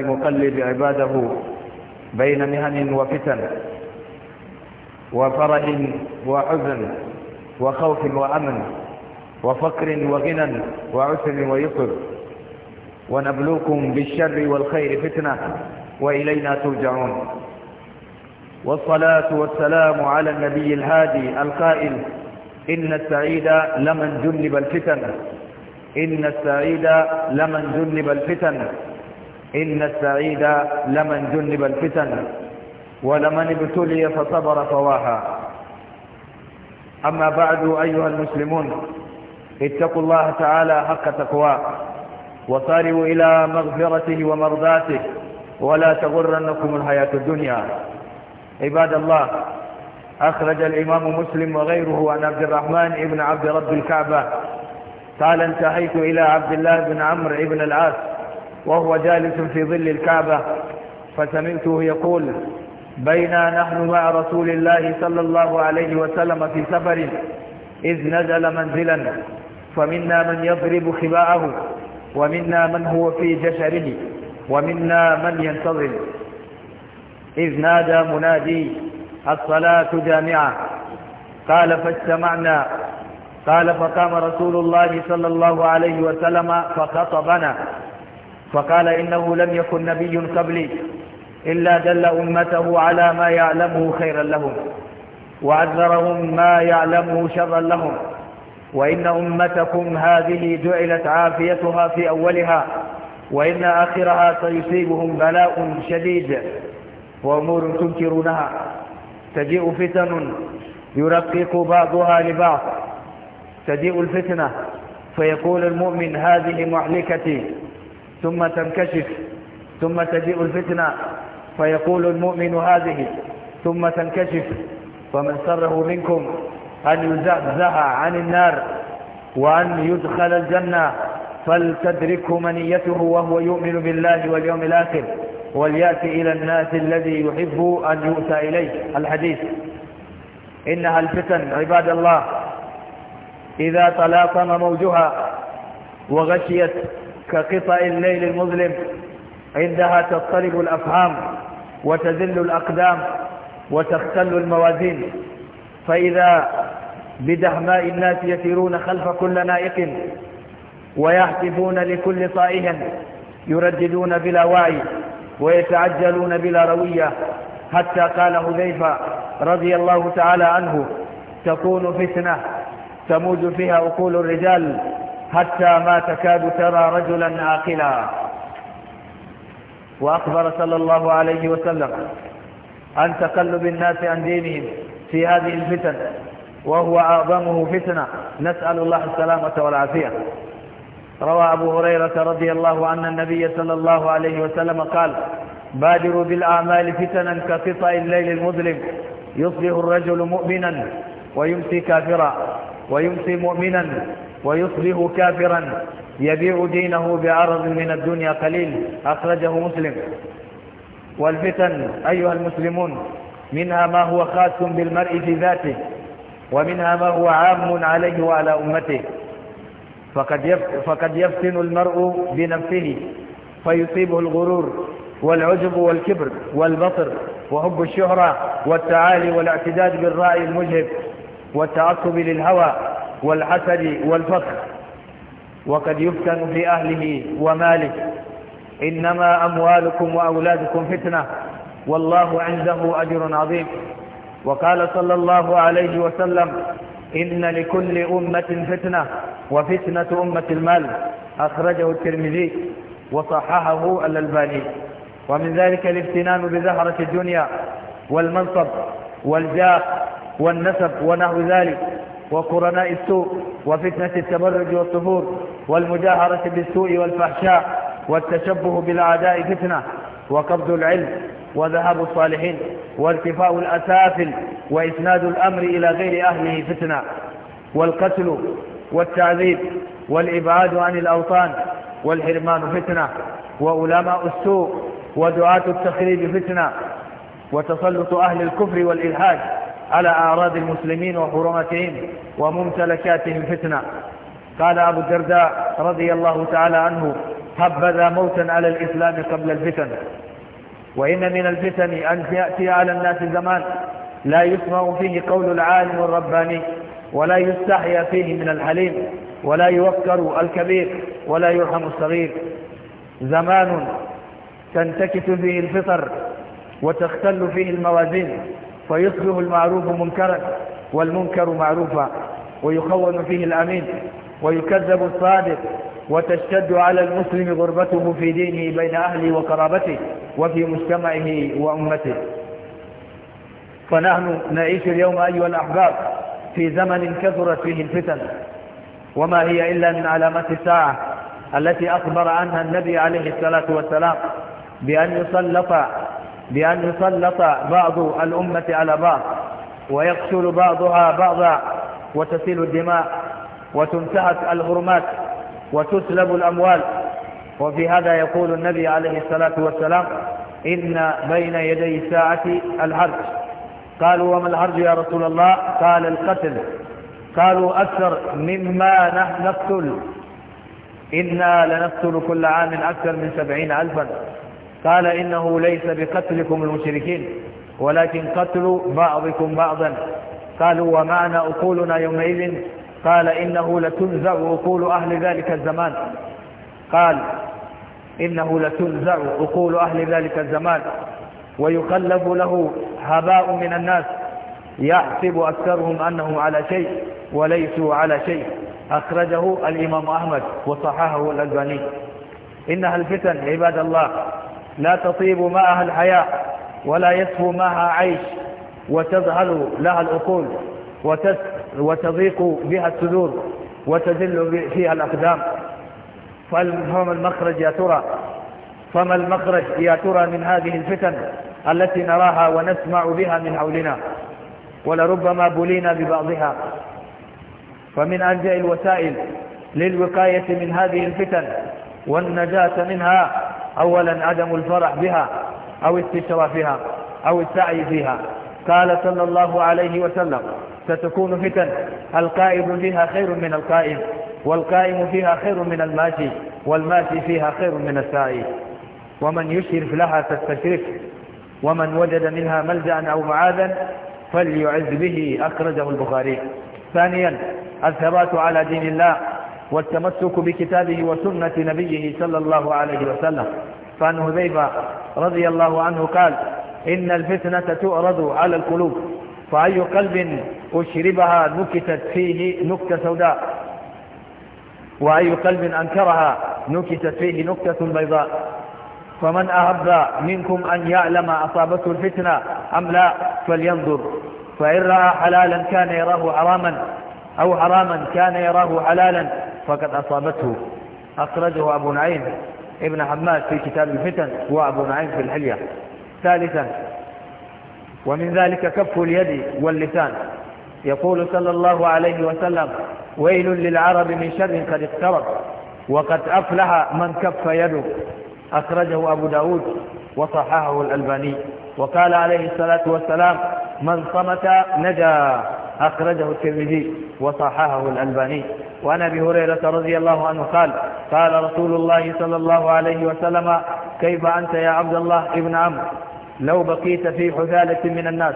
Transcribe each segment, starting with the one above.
مقلب عباده بين مهن وفتن وفرح وحزن وخوف وأمن وفقر وغنى وعسر ويسر ونبلوكم بالشر والخير فتنة وإلينا ترجعون والصلاة والسلام على النبي الهادي القائل إن السعيد لمن جنب الفتن إن السعيد لمن جنب الفتن إن السعيد لمن جنب الفتن ولمن ابتلي فصبر فواها أما بعد أيها المسلمون اتقوا الله تعالى حق تقواه وصاروا إلى مغفرته ومرضاته ولا تغرنكم الحياة الدنيا عباد الله أخرج الإمام مسلم وغيره عن عبد الرحمن ابن عبد رب الكعبة قال انتهيت إلى عبد الله بن عمرو بن العاص وهو جالس في ظل الكعبة فسمعته يقول بينا نحن مع رسول الله صلى الله عليه وسلم في سفر إذ نزل منزلا فمنا من يضرب خباءه ومنا من هو في جشره ومنا من ينتظر إذ نادى منادي الصلاة جامعة قال فاجتمعنا قال فقام رسول الله صلى الله عليه وسلم فخطبنا فقال إنه لم يكن نبي قبلي إلا دل أمته على ما يعلمه خيرا لهم وعذرهم ما يعلمه شرا لهم وإن أمتكم هذه جعلت عافيتها في أولها وإن آخرها سيصيبهم بلاء شديد وأمور تنكرونها تجيء فتن يرقق بعضها لبعض تجيء الفتنة فيقول المؤمن هذه محلكتي ثم تنكشف ثم تجيء الفتنة فيقول المؤمن هذه ثم تنكشف فمن سره منكم أن يزحزح عن النار وأن يدخل الجنة فلتدركه منيته وهو يؤمن بالله واليوم الآخر وليأتي إلى الناس الذي يحب أن يؤتى إليه الحديث إنها الفتن عباد الله إذا تلاطم موجها وغشيت كقطع الليل المظلم عندها تضطرب الأفهام وتذل الأقدام وتختل الموازين فإذا بدهماء الناس يسيرون خلف كل نائق ويحتفون لكل طائه يرددون بلا وعي ويتعجلون بلا روية حتى قال حذيفة رضي الله تعالى عنه تكون فتنة تموج فيها أقول الرجال حتى ما تكاد ترى رجلا عاقلا وأخبر صلى الله عليه وسلم عن تقلب الناس عن دينهم في هذه الفتن وهو أعظمه فتنة نسأل الله السلامة والعافية روى أبو هريرة رضي الله عنه النبي صلى الله عليه وسلم قال بادروا بالأعمال فتنا كقطع الليل المظلم يصبح الرجل مؤمنا ويمسي كافرا ويمسي مؤمنا ويصبح كافرا يبيع دينه بعرض من الدنيا قليل أخرجه مسلم والفتن أيها المسلمون منها ما هو خاص بالمرء في ذاته ومنها ما هو عام عليه وعلى أمته فقد فقد يفتن المرء بنفسه فيصيبه الغرور والعجب والكبر والبطر وحب الشهرة والتعالي والاعتداد بالرأي المجهب والتعصب للهوى والحسد والفقر وقد يفتن في أهله وماله إنما أموالكم وأولادكم فتنة والله عنده أجر عظيم وقال صلى الله عليه وسلم إن لكل أمة فتنة وفتنة أمة المال أخرجه الترمذي وصححه الألباني ومن ذلك الافتنان بزهرة الدنيا والمنصب والجاه والنسب ونحو ذلك وقرناء السوء وفتنة التبرج والطهور والمجاهرة بالسوء والفحشاء والتشبه بالأعداء فتنة وقبض العلم وذهاب الصالحين وارتفاء الأسافل وإسناد الأمر إلى غير أهله فتنة والقتل والتعذيب والإبعاد عن الأوطان والحرمان فتنة وعلماء السوء ودعاة التخريب فتنة وتسلط أهل الكفر والإلحاد على أعراض المسلمين وحرمتهم وممتلكاتهم فتنة قال أبو الدرداء رضي الله تعالى عنه حبذا موتا على الإسلام قبل الفتن وإن من الفتن أن يأتي على الناس زمان لا يسمع فيه قول العالم الرباني ولا يستحيا فيه من الحليم ولا يوكر الكبير ولا يرحم الصغير زمان تنتكس فيه الفطر وتختل فيه الموازين فيصبح المعروف منكرا والمنكر معروفا ويخون فيه الأمين ويكذب الصادق وتشتد على المسلم غربته في دينه بين أهله وقرابته وفي مجتمعه وأمته فنحن نعيش اليوم أيها الأحباب في زمن كثرت فيه الفتن وما هي إلا من علامات الساعة التي أخبر عنها النبي عليه الصلاة والسلام بأن يسلط بأن يسلط بعض الأمة على بعض ويقتل بعضها بعضا وتسيل الدماء وتنتهك الغرمات وتسلب الأموال وفي هذا يقول النبي عليه الصلاة والسلام إن بين يدي الساعة الحرج قالوا وما الحرج يا رسول الله قال القتل قالوا أكثر مما نقتل إنا لنقتل كل عام أكثر من سبعين ألفا قال إنه ليس بقتلكم المشركين ولكن قتل بعضكم بعضا قالوا ومعنى أقولنا يومئذ قال إنه لتنزع أقول أهل ذلك الزمان قال إنه لتنزع أقول أهل ذلك الزمان ويقلب له هباء من الناس يحسب أكثرهم أنهم على شيء وليسوا على شيء أخرجه الإمام أحمد وصححه الألباني إنها الفتن عباد الله لا تطيب معها الحياة ولا يسهو معها عيش وتذهل لها العقول وتضيق بها الصدور وتذل فيها الأقدام فما المخرج يا ترى فما المخرج يا ترى من هذه الفتن التي نراها ونسمع بها من حولنا ولربما بلينا ببعضها فمن أنجع الوسائل للوقاية من هذه الفتن والنجاة منها أولا عدم الفرح بها أو استشرافها أو السعي فيها قال صلى الله عليه وسلم ستكون فتن القائم فيها خير من القائم والقائم فيها خير من الماشي والماشي فيها خير من السعي ومن يشرف لها فاستشرف ومن وجد منها ملجأ أو معاذا فليعز به أخرجه البخاري ثانيا الثبات على دين الله والتمسك بكتابه وسنة نبيه صلى الله عليه وسلم فعن هذيبة رضي الله عنه قال إن الفتنة تؤرض على القلوب فأي قلب أشربها نكتت فيه نكتة سوداء وأي قلب أنكرها نكتت فيه نكتة بيضاء فمن أحب منكم أن يعلم أصابته الفتنة أم لا فلينظر فإن رأى حلالا كان يراه حراما أو حراما كان يراه حلالا فقد أصابته أخرجه أبو نعيم ابن حماد في كتاب الفتن وأبو نعيم في الحلية ثالثا ومن ذلك كف اليد واللسان يقول صلى الله عليه وسلم ويل للعرب من شر قد اقترب وقد أفلح من كف يده أخرجه أبو داود وصححه الألباني وقال عليه الصلاة والسلام من صمت نجا أخرجه الترمذي وصححه الألباني وعن أبي هريرة رضي الله عنه قال قال رسول الله صلى الله عليه وسلم كيف أنت يا عبد الله ابن عمرو لو بقيت في حثالة من الناس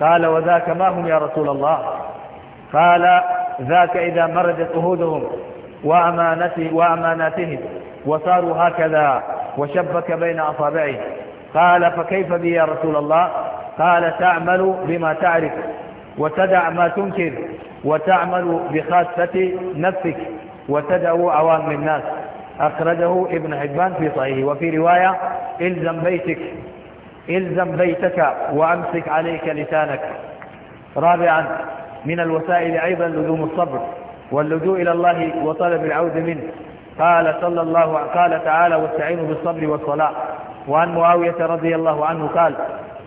قال وذاك ما هم يا رسول الله قال ذاك إذا مرجت أهودهم وأماناتهم وصاروا هكذا وشبك بين أصابعه قال فكيف بي يا رسول الله قال تعمل بما تعرف وتدع ما تنكر وتعمل بخاصة نفسك وتدعو عوام الناس أخرجه ابن حبان في صحيحه وفي رواية إلزم بيتك إلزم بيتك وأمسك عليك لسانك رابعا من الوسائل أيضا لزوم الصبر واللجوء إلى الله وطلب العوذ منه قال صلى الله قال تعالى واستعينوا بالصبر والصلاة وعن معاوية رضي الله عنه قال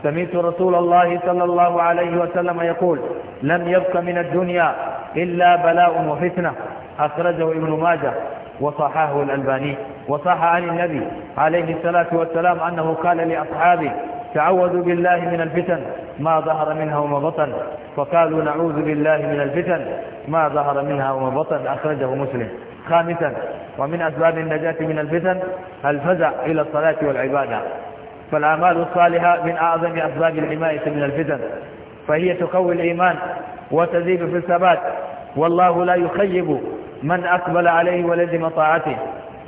سمعت رسول الله صلى الله عليه وسلم يقول لم يبق من الدنيا إلا بلاء وفتنة أخرجه ابن ماجه وصححه الألباني وصح عن النبي عليه الصلاة والسلام أنه قال لأصحابه تعوذوا بالله من الفتن ما ظهر منها وما بطن فقالوا نعوذ بالله من الفتن ما ظهر منها وما بطن أخرجه مسلم خامسا ومن أسباب النجاة من الفتن الفزع إلى الصلاة والعبادة فالأعمال الصالحة من أعظم أسباب الحماية من الفتن فهي تقوي الإيمان وتزيد في الثبات والله لا يخيب من أقبل عليه ولزم طاعته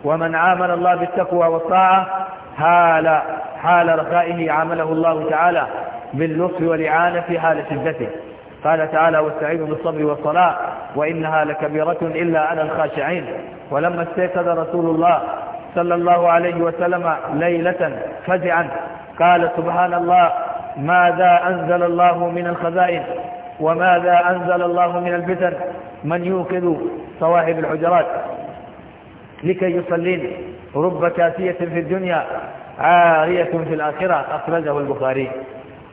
ومن عامل الله بالتقوى والطاعة حال حال رخائه عامله الله تعالى باللطف والإعانة في حال شدته قال تعالى واستعينوا بالصبر والصلاة وإنها لكبيرة إلا على الخاشعين ولما استيقظ رسول الله صلى الله عليه وسلم ليلة فزعا قال سبحان الله ماذا أنزل الله من الخزائن وماذا أنزل الله من الفتن من يوقظ صواحب الحجرات لكي يصلين رب كاسية في الدنيا عارية في الآخرة أخرجه البخاري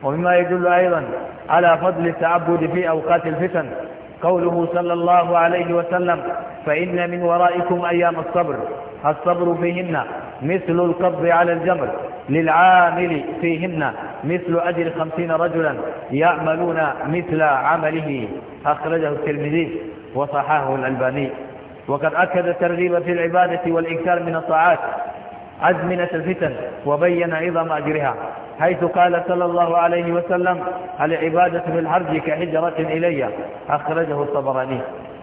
ومما يدل أيضا على فضل التعبد في أوقات الفتن قوله صلى الله عليه وسلم فإن من ورائكم أيام الصبر الصبر فيهن مثل القبض على الجمر للعامل فيهن مثل أجر خمسين رجلا يعملون مثل عمله أخرجه الترمذي وصححه الألباني وقد أكد الترغيب في العبادة والإكثار من الطاعات أزمنة الفتن وبين عظم أجرها حيث قال صلى الله عليه وسلم العبادة في الحرج كهجرة إلي أخرجه الطبراني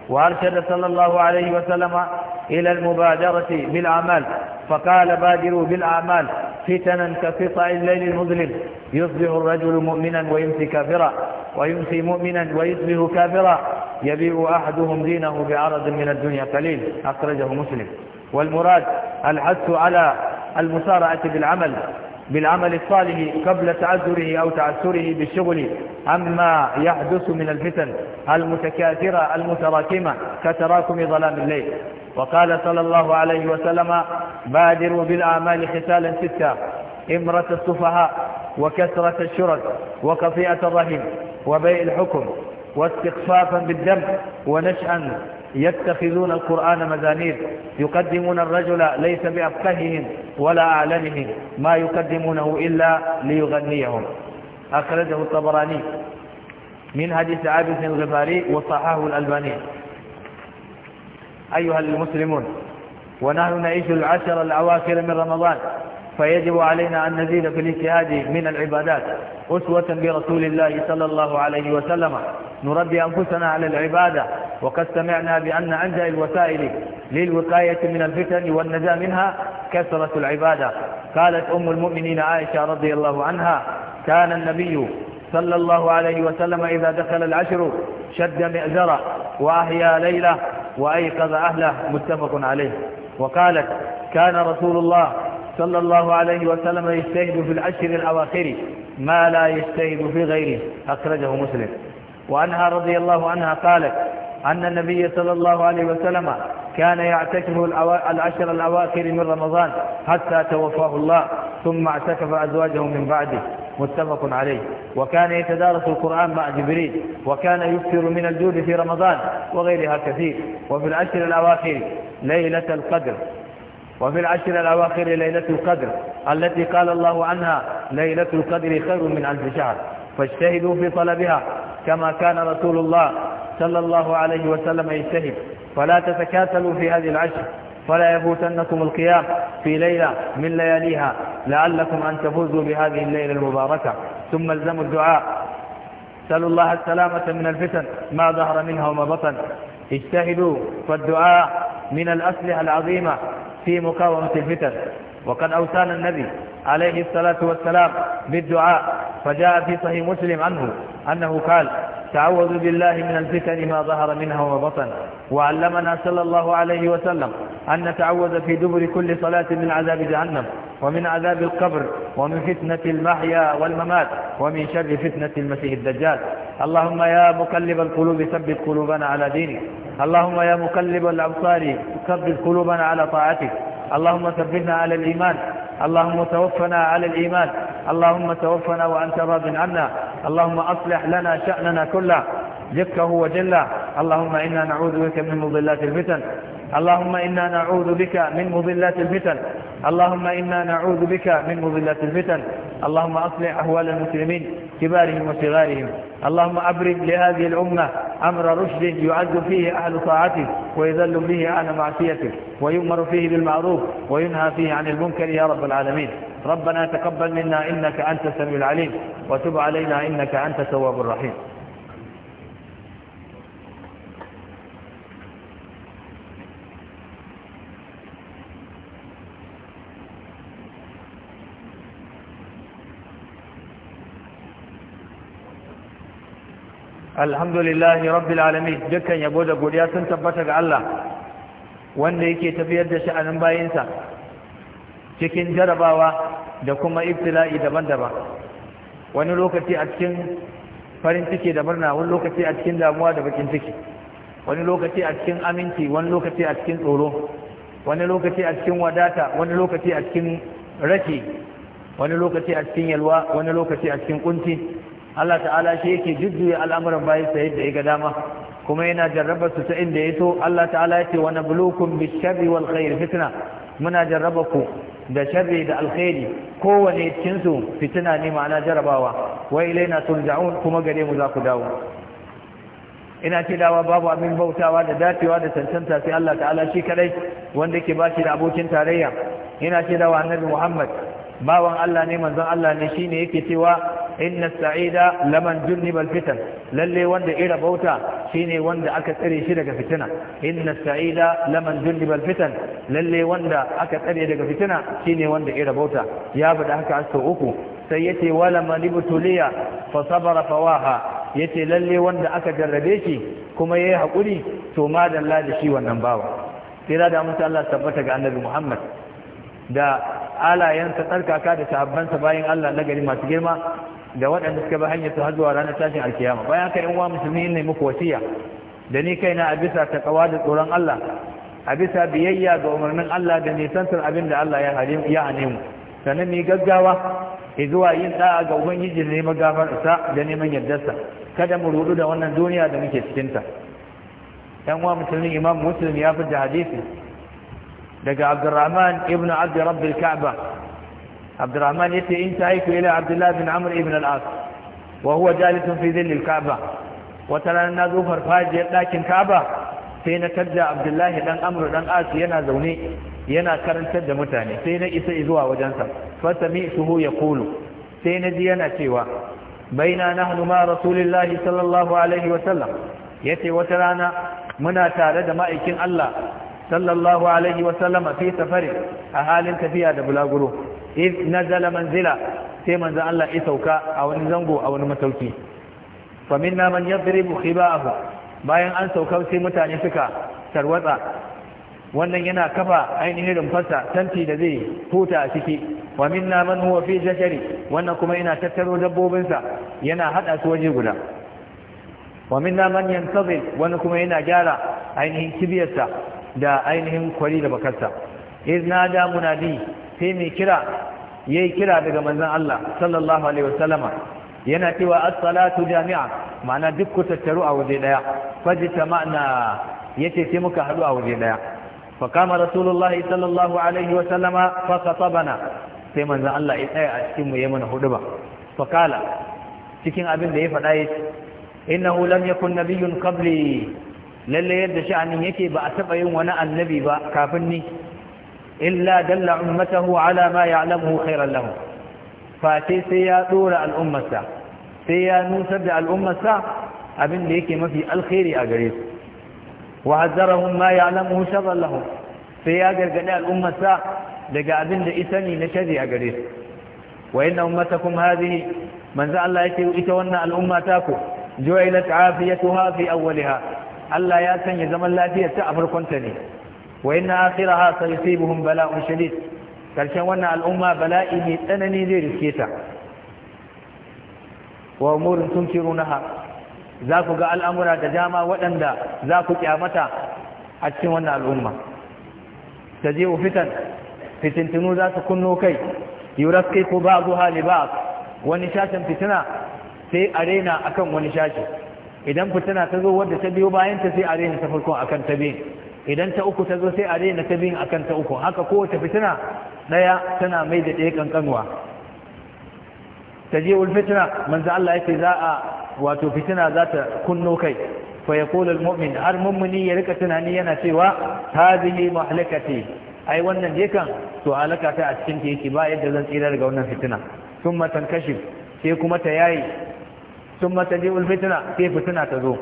وأرشد صلى الله عليه وسلم إلى المبادرة بالأعمال فقال بادروا بالأعمال فتنا كقطع الليل المظلم يصبح الرجل مؤمنا ويمسي كافرا ويمسي مؤمنا ويصبح كافرا يبيع أحدهم دينه بعرض من الدنيا قليل أخرجه مسلم والمراد الحث على المسارعة بالعمل بالعمل الصالح قبل تعذره أو تعسره بالشغل عما يحدث من الفتن المتكاثرة المتراكمة كتراكم ظلام الليل وقال صلى الله عليه وسلم بادروا بالأعمال خسالا ستة إمرة السفهاء وكسرة الشرك وقطيئة الرحم وبيع الحكم واستخفافا بالدم ونشأ يتخذون القرآن مزانير يقدمون الرجل ليس بأفقههم ولا أعلمهم ما يقدمونه إلا ليغنيهم أخرجه الطبراني من حديث عابس الغفاري وصححه الألباني أيها المسلمون ونحن نعيش العشر الأواخر من رمضان فيجب علينا أن نزيد في الاجتهاد من العبادات أسوة برسول الله صلى الله عليه وسلم نربي أنفسنا على العبادة وقد سمعنا بأن أنجأ الوسائل للوقاية من الفتن والنجاة منها كثرة العبادة قالت أم المؤمنين عائشة رضي الله عنها كان النبي صلى الله عليه وسلم إذا دخل العشر شد مئزرة وأحيا ليلة وأيقظ أهله متفق عليه وقالت كان رسول الله صلى الله عليه وسلم يجتهد في العشر الأواخر ما لا يجتهد في غيره أخرجه مسلم وأنها رضي الله عنها قالت أن النبي صلى الله عليه وسلم كان يعتكف العشر الأواخر من رمضان حتى توفاه الله ثم اعتكف أزواجه من بعده متفق عليه وكان يتدارس القرآن مع جبريل وكان يكثر من الجود في رمضان وغيرها كثير وفي العشر الأواخر ليلة القدر وفي العشر الأواخر ليلة القدر التي قال الله عنها ليلة القدر خير من ألف شهر فاجتهدوا في طلبها كما كان رسول الله صلى الله عليه وسلم يجتهد فلا تتكاسلوا في هذه العشر فلا يفوتنكم القيام في ليلة من لياليها لعلكم أن تفوزوا بهذه الليلة المباركة ثم الزموا الدعاء سألوا الله السلامة من الفتن ما ظهر منها وما بطن اجتهدوا فالدعاء من الأسلحة العظيمة في مقاومة الفتن وقد أوسان النبي عليه الصلاة والسلام بالدعاء فجاء في صحيح مسلم عنه أنه قال تعوذ بالله من الفتن ما ظهر منها وبطن وعلمنا صلى الله عليه وسلم أن نتعوذ في دبر كل صلاة من عذاب جهنم ومن عذاب القبر ومن فتنة المحيا والممات ومن شر فتنة المسيح الدجال اللهم يا مقلب القلوب ثبت قلوبنا على دينك اللهم يا مقلب الأبصار ثبت قلوبنا على طاعتك اللهم ثبتنا على الإيمان اللهم توفنا على الإيمان اللهم توفنا وأنت راض عنا اللهم أصلح لنا شأننا كله دقه وجله اللهم إنا نعوذ بك من مضلات الفتن اللهم إنا نعوذ بك من مضلات الفتن اللهم إنا نعوذ بك من مضلات الفتن اللهم أصلح أحوال المسلمين كبارهم وصغارهم اللهم أبرد لهذه الأمة أمر رشد يعز فيه أهل طاعته ويذل به أهل معصيته ويؤمر فيه بالمعروف وينهى فيه عن المنكر يا رب العالمين ربنا تقبل منا إنك أنت السميع العليم وتب علينا إنك أنت التواب الرحيم alhamdulillahi rabbil alamin dukkan yabo da godiya sun tabbata ga Allah wanda yake tafiyar da sha'anin bayinsa cikin jarabawa da kuma ibtila'i daban-daban wani lokaci a cikin farin ciki da murna wani lokaci a cikin damuwa da bakin ciki wani lokaci a cikin aminci wani lokaci a cikin tsoro wani lokaci a cikin wadata wani lokaci a cikin raki. wani lokaci a cikin yalwa wani lokaci a cikin kunci Allah ta'ala shi yake jujjuya al'amuran bayan sa yadda ya ga dama kuma yana jarraba su ta inda ya so Allah ta'ala ya ce wani bulukun bish-sharri wal khair fitna muna jarraba ku da sharri da alkhairi kowane cikin su fitina ne ma'ana jarrabawa wai ilaina turja'un kuma gare mu za ku dawo ina ce dawa babu abin bautawa da dacewa da tantanta sai Allah ta'ala shi kadai wanda yake bashi da abokin tarayya ina ce dawa annabi Muhammad bawan Allah ne manzon Allah ne shine yake cewa inna sa'ida laman junnibal fitan lalle wanda ira bauta shine wanda aka tsare shi daga fitina inna sa'ida laman junnibal fitan lalle wanda aka tsare daga fitina shine wanda ira bauta ya bada haka asu uku sai yace wala manibtuliya fa sabara fawaha yace lalle wanda aka jarrabe shi kuma yayi hakuri to madalla da shi wannan bawa kira da musu Allah tabbata ga annabi Muhammad da alayensa tsarkaka da sahabbansa bayan Allah na gari masu girma da waɗanda suka bi hanyar su har zuwa ranar tashin alkiyama bayan haka yan uwa musulmi ne muku wasiya da ni kaina a bisa takawa da tsoron Allah a bisa biyayya ga umarnin Allah da nisantar abin da Allah ya hane mu sannan mu gaggawa zuwa yin da'a ga ubangiji da neman gafararsa da neman yardarsa kada mu rudu da wannan duniya da muke cikin ta dan uwa musulmi imam muslim ya fi hadisi daga abdurrahman Ibnu abd Rabbil kaba Abdulrahman ya ce in ta haiku ila abdullah bin amr ibn al-as wa huwa fi dhilli al-ka'ba wata rana na zo farfajiyar ɗakin ka'ba sai na tarja abdullahi dan amr dan as yana zaune yana karantar da mutane sai na isa zuwa wajensa fasami suhu yaqulu sai na ji yana cewa baina nahnu ma rasulillahi sallallahu alaihi wa sallam yace wata rana muna tare da ma'aikin Allah sallallahu alaihi wasallama fi safari a halin tafiya da bulaguro iz nazala manzila sai manzon Allah ya sauka a wani zango a wani matauki fa minna man yadribu khiba'ahu bayan an sauka sai mutane suka tarwatsa wannan yana kafa ainihin rumfarsa tanti da zai huta a ciki wa minna man huwa fi jashari wannan kuma yana tattaro dabbobinsa yana hada su waje guda wa minna man yantazil wannan kuma yana gyara ainihin kibiyarsa da ainihin kwari da bakarsa izna da munadi sai mai kira yayi kira daga manzon Allah sallallahu alaihi wasallama yana cewa as-salatu jami'a ma'ana duk ku tattaru a waje daya ma'ana yace sai muka hadu a waje daya fa kama rasulullahi sallallahu alaihi wasallama fa khatabana sai manzon Allah ya tsaya a cikin mu yayi mana huduba fa kala cikin abin da ya faɗa yace innahu lam yakun nabiyyun qabli lalle yadda sha'anin yake ba a taba yin wani annabi ba kafin ni illa dalla ummatahu ala ma ya'lamuhu khairan lahu fa sai sai ya dora al'ummarsa sai ya nusar da al'ummarsa abin da yake mafi alkhairi a gare su wa hazzarahum ma ya'lamuhu sharran lahum sai ya gargadi al'ummarsa daga abin da ita ne na shari a gare su wa inna ummatakum hadhihi manzo Allah yake ita wannan al'umma ta ku ju'ilat afiyatuha fi ha. Allah ya sanya zaman lafiyar ta a farkonta ne wa inna akhiraha saysibuhum bala'un shadid karshen wannan al'umma bala'i mai tsanani zai riske ta wa na tunkirunaha za ku ga al'amura da dama waɗanda za ku kyamata a cikin wannan al'umma ta je fitan fitintinu za su kunno kai yurafkai ko ba zuwa libas wani shashin fitina sai arena akan wani shashi idan fitina ta zo wadda ta biyo bayan ta sai a daina ta farkon akan ta biyu idan ta uku ta zo sai a daina ta biyun akan ta uku haka kowace fitina ɗaya tana mai da ɗaya kankanwa ta je wul fitina manzo Allah yake za a wato fitina za ta kunno kai fa yaqulu mumin, har mummuni ya rika tunani yana cewa hadhihi mahlakati ai wannan je kan to halaka ta a cikin ta yake ba yadda zan tsira daga wannan fitina matan kashif sai kuma ta yayi ثم تجيء الفتنة في فتنة تزو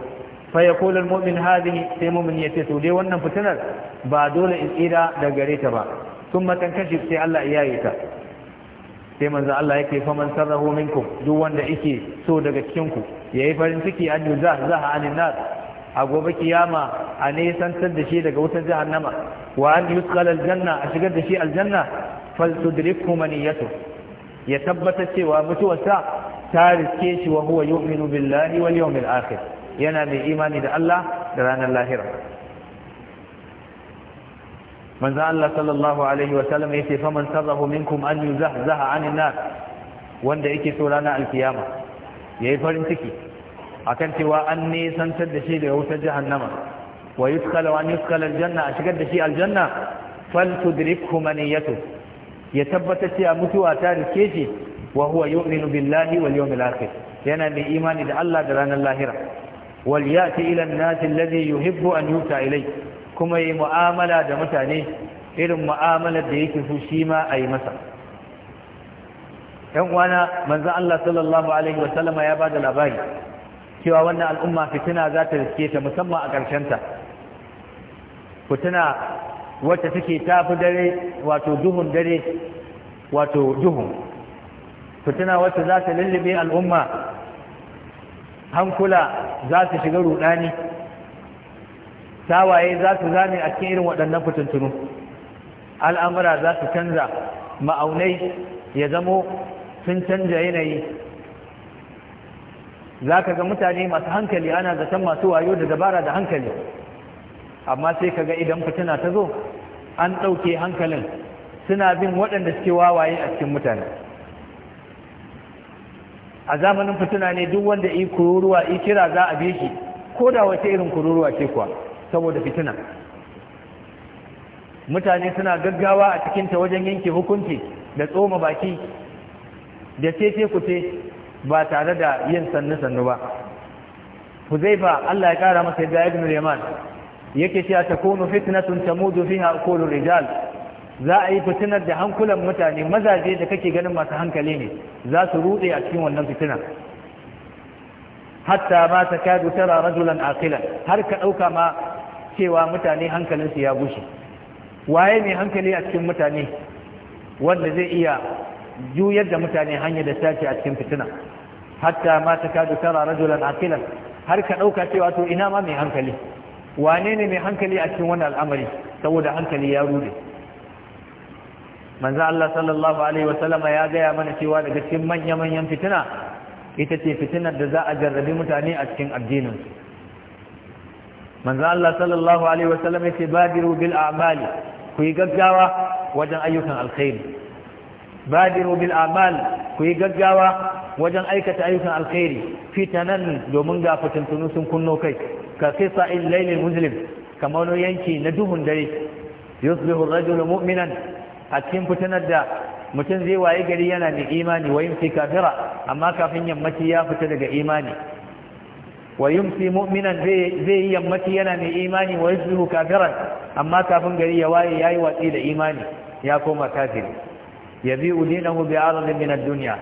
فيقول المؤمن هذه في مؤمن يتسو دي وانا فتنة بعدول إذا دقريت با ثم تنكشف في الله إيايتا sai manzo Allah yake faman sarrahu minkum duk wanda yake so daga cikin ku yi farin ciki an yuza zaha anin a gobe kiyama a nesantar da shi daga wutar jahannama wa an yusqal aljanna a shigar da shi aljanna fal tudrikhu ya tabbata cewa mutuwarsa ta riske shi wa huwa yu'minu billahi wal yawmil akhir yana mai imani da Allah da ranar lahira manzo Allah sallallahu alaihi wa sallam yace faman sarrahu minkum an yuzahzaha 'anil nar wanda yake so ranar alkiyama yayi farin ciki akan cewa an ne santar da shi daga wutar jahannama wa yudkhala an yudkhala aljanna a shigar da shi aljanna fal tudrikhu maniyatu ya tabbata cewa mutuwa ta rike shi wa huwa yu'minu billahi wal yawmil akhir yana da imani da Allah da ranar lahira wal yati ila an-nas alladhi yuhibbu an yuta ilay kuma yi mu'amala da mutane irin mu'amalar da yake so shi ma ayi masa yan uwana manzon Allah sallallahu alaihi wa sallama ya da labari cewa wannan al'umma fitina za ta riske ta musamman a ƙarshen ta fitina wacce take tafi dare wato duhun dare wato duhun fitina wacce za ta lullube al'umma hankula za su shiga rudani tawaye za su zane a cikin irin waɗannan fitintunu al'amura za su canza ma'aunai ya zamo sun canza yanayi za ka ga mutane masu hankali ana zaton masu wayo da dabara da hankali amma sai ka ga idan fitina ta zo an ɗauke hankalin suna bin waɗanda suke wawaye a cikin mutane a zamanin fituna ne duk wanda yi kururuwa yi kira za a bi shi ko da wace irin kururuwa ce kuwa saboda fituna mutane suna gaggawa a cikinta wajen yanke hukunci da tsoma baki da tece kuce ba tare da yin sannu-sannu ba Ku zai huzaifa Allah ya kara masa yadda ibn Yaman yake cewa takunu fitnatun tamudu fiha aqulu rijal za a yi fitinar da hankulan mutane mazaje da kake ganin masu hankali ne za su rude a cikin wannan fitinar hatta ma ta kadu tara rajulan aqilan har ka dauka ma cewa mutane hankalinsu ya gushe waye mai hankali a cikin mutane wanda zai iya juyar da mutane hanya da tace a cikin fitina hatta ma ta kadu tara rajulan aqilan har ka dauka cewa to ina ma mai hankali wane ne mai hankali a cikin wannan al'amari saboda hankali ya rude manzo Allah sallallahu alaihi wasallama ya gaya mana cewa daga cikin manya-manyan fitina ita ce fitinar da za a jarrabi mutane a cikin addinin manzo Allah sallallahu alaihi wasallama ya ce badiru bil a'mali ku yi gaggawa wajen ayyukan alkhairi badiru bil a'mal ku yi gaggawa wajen aikata ayyukan alkhairi fitanan domin ga fitintunu sun kunno kai ka kisa in lailin muslim kamar yanki na duhun dare yusbihu rajulu mu'minan a cikin fitinar da mutum zai waye gari yana da imani wa yumsi kafira amma kafin yammaci ya fita daga imani wa yumsi mu'minan zai yi yammaci yana da imani wa yusbihu kafiran amma kafin gari ya waye yayi watsi da imani ya koma kafiri udinahu bi aradin min ad-dunya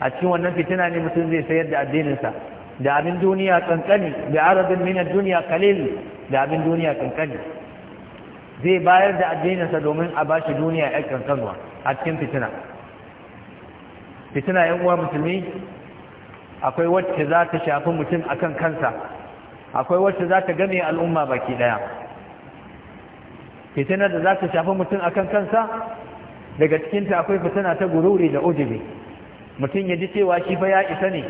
a cikin wannan fitina ne mutum zai sayar da addininsa da abin duniya kankani aradin min ad-dunya qalil da abin duniya kankani zai bayar da addininsa domin a bashi duniya ya kankanwa a cikin fitina fitina yan uwa musulmi akwai wacce za ta shafi mutum akan kansa akwai wacce za ta al'umma baki ɗaya. fitina da za ta shafi mutum akan kansa daga cikinta akwai fitina ta gururi da ujubi mutum ya ji cewa shi fa ya isa ne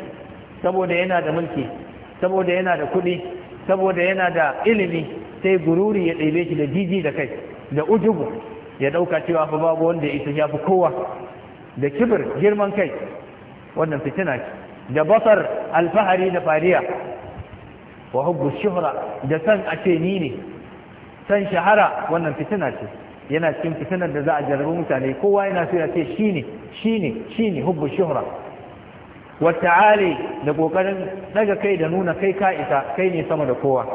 saboda yana da mulki saboda yana da kuɗi saboda yana da ilimi sai gururi ya ɗebe shi da jiji da kai da ujubu ya ɗauka cewa fa babu wanda ya isa ya fi kowa da kibir girman kai wannan fitina ce da basar alfahari da fariya wa hubbu shuhra da san a ce ni ne san shahara wannan fitina ce yana cikin fitinar da za a jarabi mutane kowa yana so ya ce shi ne shi ne shi ne hubbu shuhra wata ali da kokarin daga kai da nuna kai ka isa kai ne sama da kowa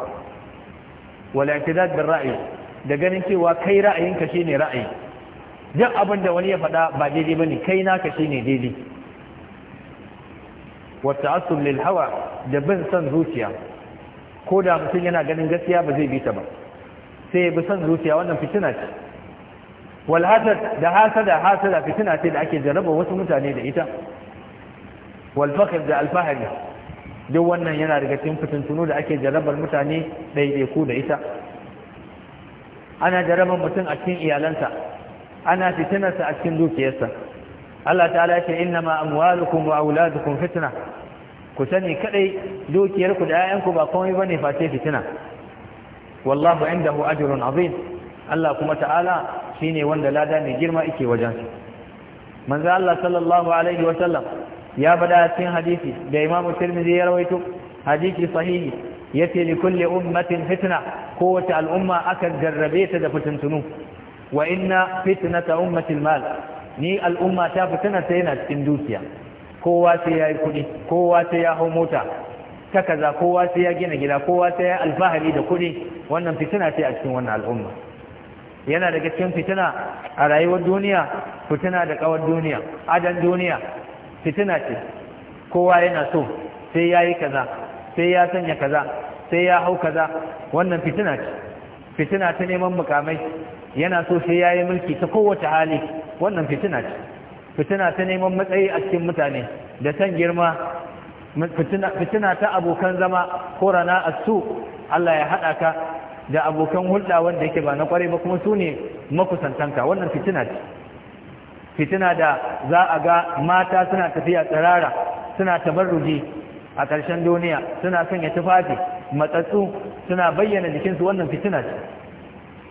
wala i'tidad bil da ganin cewa kai ra'ayinka shine ra'ayi duk abin da wani ya faɗa ba daidai bane kai naka shine daidai wa ta'assub lil hawa da bin san zuciya ko da mutum yana ganin gaskiya ba zai bi ta ba sai bi san zuciya wannan fitina ce wal hasad da hasada hasada fitina ce da ake jarraba wasu mutane da ita wal fakhr da al duk wannan yana daga cikin da ake jarabar mutane ɗaiɗaiku da ita ana jarabar mutum a cikin iyalansa ana fitinarsa a cikin dukiyarsa Allah ta'ala ce inna ma amwalukum wa auladukum fitna ku sani kadai dukiyarku da 'ya'yanku ba komai bane face fitina wallahu indahu ajrun azim Allah kuma ta'ala shine wanda lada mai girma yake wajen manzo Allah sallallahu alaihi wa sallam ya fada cikin hadisi da imamu tirmidhi ya rawaito hadisi sahihi yace li kulli ummatin fitna kowace al'umma aka jarrabe ta da fitintunu wa inna fitnata ummatil mal ni al'umma ta fitina ta yana cikin dukiya kowa sai yi kuɗi kowa sai ya hau mota ta kaza kowa sai ya gina gida kowa sai ya alfahari da kuɗi wannan fitina ce a cikin wannan al'umma yana daga cikin fitina a rayuwar duniya fitina da kawar duniya adan duniya fitina ce kowa yana so sai ya yi kaza sai ya sanya kaza sai ya hau kaza wannan fitina ce fitina ta neman mukamai yana so sai ya yi mulki ta kowace hali wannan fitina ce fitina ta neman matsayi a cikin mutane da san girma fitina ta abokan zama ko rana a su Allah ya haɗa ka da abokan hulɗa wanda yake ba na kwarai ba kuma su ne makusantanka wannan fitina ce fitina da za a ga mata suna tafiya tsirara suna tabarruji a ƙarshen duniya suna ya tufafi matsatsu suna bayyana jikinsu wannan fitina ce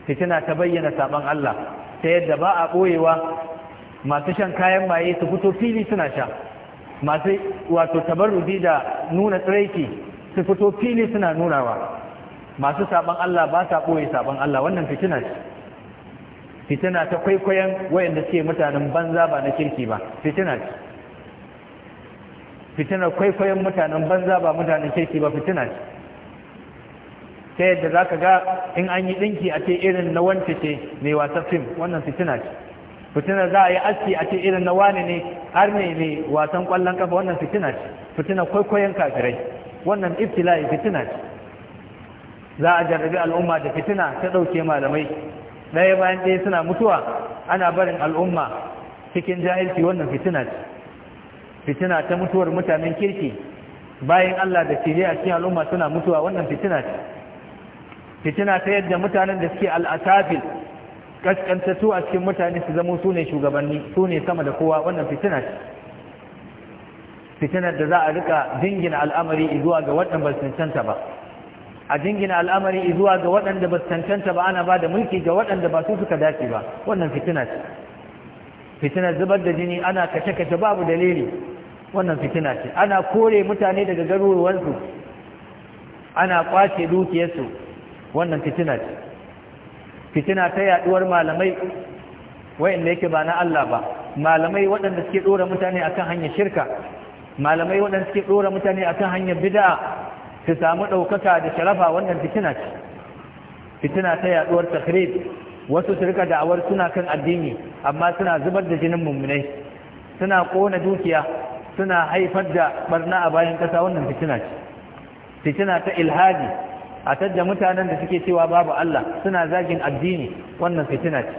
fitina ta bayyana saban Allah ta yadda ba a ɓoyewa masu shan kayan maye su fito fili suna sha masu wato tabarruji da nuna tsiraiki su fito fili suna nunawa masu saban Allah ba sa ɓoye saban Allah wannan fitina ce fitina ta kwaikwayon wayanda suke mutanen banza ba na kirki ba fitina ce fitina kwaikwayon mutanen banza ba mutanen kirki ba fitina ce ta yadda za ka ga in an yi ɗinki a ce irin na wance ce mai wasan fim wannan fitina ce fitina za a yi aski a ce irin na wane ne har ne mai wasan ƙwallon kafa wannan fitina ce fitina kwaikwayon kafirai wannan ibtila'i fitina ce za a jarrabi al'umma da fitina ta ɗauke malamai ɗaya bayan ɗaya suna mutuwa ana barin al'umma cikin jahilci wannan fitina ce fitina ta mutuwar mutanen kirki bayan Allah da cire a cikin al'umma suna mutuwa wannan fitina ce fitina ta yadda mutanen da suke al'asafil kaskantattu a cikin mutane su zama su ne shugabanni su ne sama da kowa wannan fitina ce fitinar da za a rika jingina al'amari zuwa ga waɗanda ba su cancanta ba a jingina al'amari zuwa ga waɗanda ba cancanta ba ana ba da mulki ga waɗanda ba su suka dace ba wannan fitina ce fitina zubar da jini ana kace-kace babu dalili wannan fitina ce ana kore mutane daga garuruwansu ana kwace dukiyarsu wannan fitina ce fitina ta yaduwar malamai wayanda yake ba na Allah ba malamai waɗanda suke dora mutane akan hanyar shirka malamai waɗanda suke dora mutane akan hanyar bid'a su samu ɗaukaka da sharafa wannan fitina ce fitina ta yaɗuwar takrib wasu su rika da'awar suna kan addini amma suna zubar da jinin mummunai suna kona dukiya suna haifar da barna a bayan kasa wannan fitina ce fitina ta ilhadi a tajja mutanen da suke cewa babu Allah suna zagin addini wannan fitina ce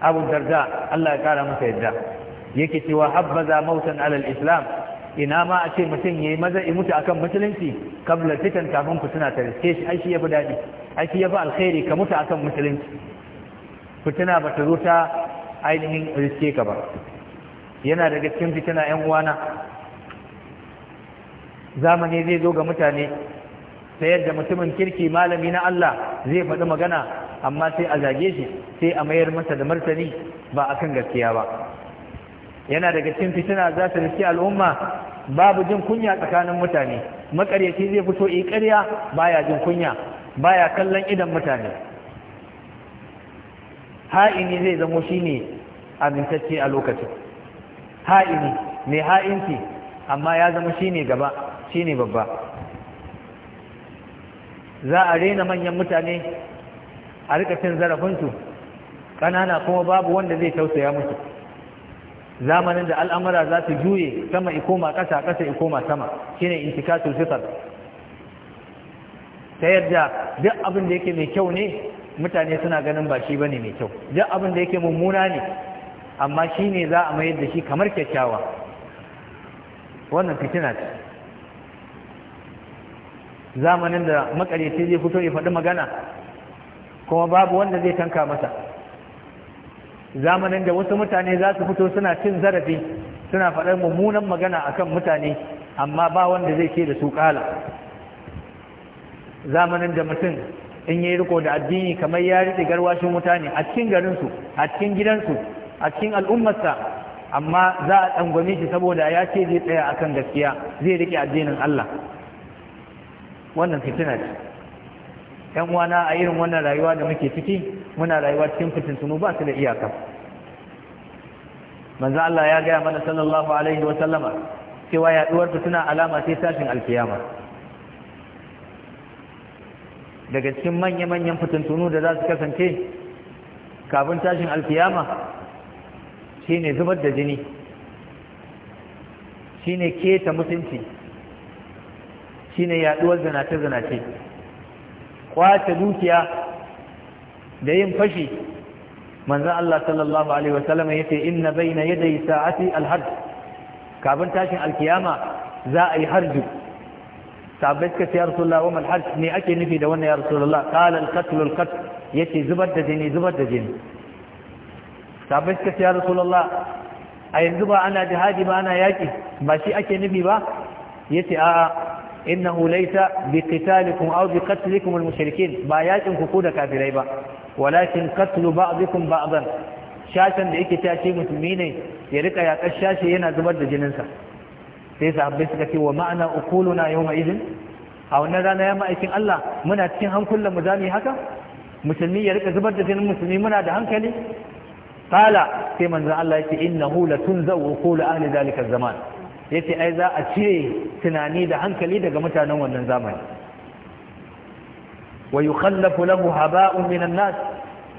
abu darda Allah ya kara masa yadda yake cewa habbaza mautan alal islam ina ma a ce mutum ya yi maza ya mutu akan musulunci kabla fitan kafin fitina ta riske shi aiki ya fi daɗi aiki ya fi alkhairi ka mutu akan musulunci fitina ba ta zo ta ainihin riske ka ba yana daga cikin fitina yan uwana zamani zai zo ga mutane ta yadda mutumin kirki malami na Allah zai faɗi magana amma sai a zage shi sai a mayar masa da martani ba akan gaskiya ba yana daga cikin fitina za ta riski al'umma babu jin kunya tsakanin mutane makaryaci zai fito yi ƙarya baya jin kunya baya kallon idan mutane ha'ini zai zamo shi ne amintacce a lokacin ha'ini mai ha'inci amma ya zama ne gaba ne babba za a rena manyan mutane a rikacin zarafinsu ƙanana kuma babu wanda zai tausaya musu zamanin da al'amura za su juye sama ikoma ƙasa ƙasa ikoma sama shine intikatul fitr ta yadda duk abin da yake mai kyau ne mutane suna ganin ba shi bane mai kyau duk abin da yake mummuna ne amma shi ne za a mayar da shi kamar kyakkyawa wannan fitina ce zamanin da makaryaci zai fito ya faɗi magana kuma babu wanda zai tanka masa zamanin da wasu mutane za su fito suna cin zarafi suna faɗar mummunan magana akan mutane amma ba wanda zai ce da su ƙala zamanin da mutum in yi riko da addini kamar ya riƙe garwashin mutane a cikin garinsu a cikin gidansu a cikin al'ummarsa amma za a ɗangwame shi saboda ya ce zai tsaya akan gaskiya zai riƙe addinin Allah wannan fitina ce ‘yan uwana a irin wannan rayuwa da muke ciki muna rayuwa cikin fitintunu ba su da iyaka manzo Allah ya gaya mana sallallahu alaihi wa sallama cewa yaduwar fitina alama sai tashin alkiyama daga cikin manya-manyan fitintunu da za su kasance kafin tashin alkiyama shine zubar da jini shine keta mutunci shine yaduwar zanace-zanace kwace dukiya da yin fashi manzo Allah sallallahu alaihi wasallam yace inna baina yaday sa'ati al-hajj kafin tashin alkiyama za a yi harji sabai suka ce ya rasulullah wa mal hajj ne ake nufi da wannan ya rasulullah qala al-qatl al-qatl yace zubar da jini zubar da jini sabai suka ce ya rasulullah a yanzu ba ana jihadi ba ana yaki ba shi ake nufi ba yace a'a إنه ليس بقتالكم ba بقتلكم ku بايات كفودة كافرين ba. walakin ba ba'dikum ba'dan shashan da yake tace musulmi ne ya rika yakar shashi yana zubar da jininsa sai sahabbai suka ce wa ma'ana ukuluna yawma idin a wannan rana ya ma'aikin Allah muna cikin hankulan mu zamu haka musulmi ya rika zubar da jinin musulmi muna da hankali qala sai manzon Allah yace innahu latunzaw uqul ahli zalika zaman yace ai za a cire tunani da hankali daga mutanen wannan zamani wa yukhallafu lahu haba'un minan nas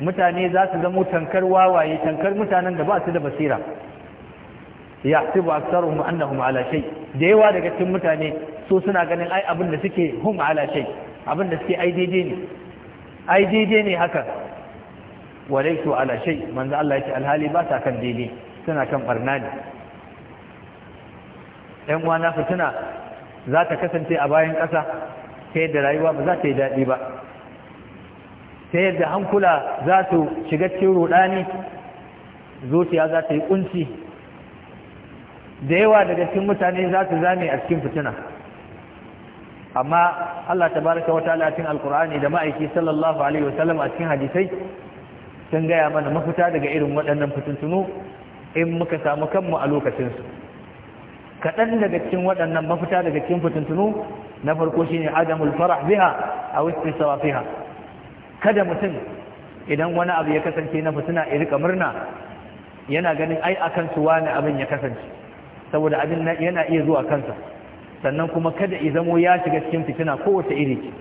mutane za su zamo tankar wawaye tankar mutanen da ba su da basira ya tibu aksaruhum annahum ala shay da yawa daga cikin mutane so suna ganin ai abin da suke hum ala shay abin da suke ai daidai ne ai daidai ne haka wa laysu ala shay manzo Allah yake alhali ba sa kan daidai suna kan barna ne ɗan uwa na fitina za ta kasance a bayan ƙasa ta yadda rayuwa ba za ta yi daɗi ba ta yadda hankula za su shiga cikin rudani zuciya za ta yi kunci da yawa daga cikin mutane za su zame a cikin fitina amma Allah Ta baraka wata cikin alkur'ani da ma'aiki sallallahu alaihi wasallam a cikin hadisai sun gaya mana mafita daga irin waɗannan fitintunu in muka samu kanmu a lokacinsu kaɗan daga cikin waɗannan mafita daga cikin fitintunu na farko shine adamul farah biha a wasu fiha kada mutum idan wani abu ya kasance na fitina ya rika murna yana ganin ai akan su wani abin ya kasance saboda abin yana iya zuwa kansa sannan kuma kada ya zamo ya shiga cikin fitina kowace iri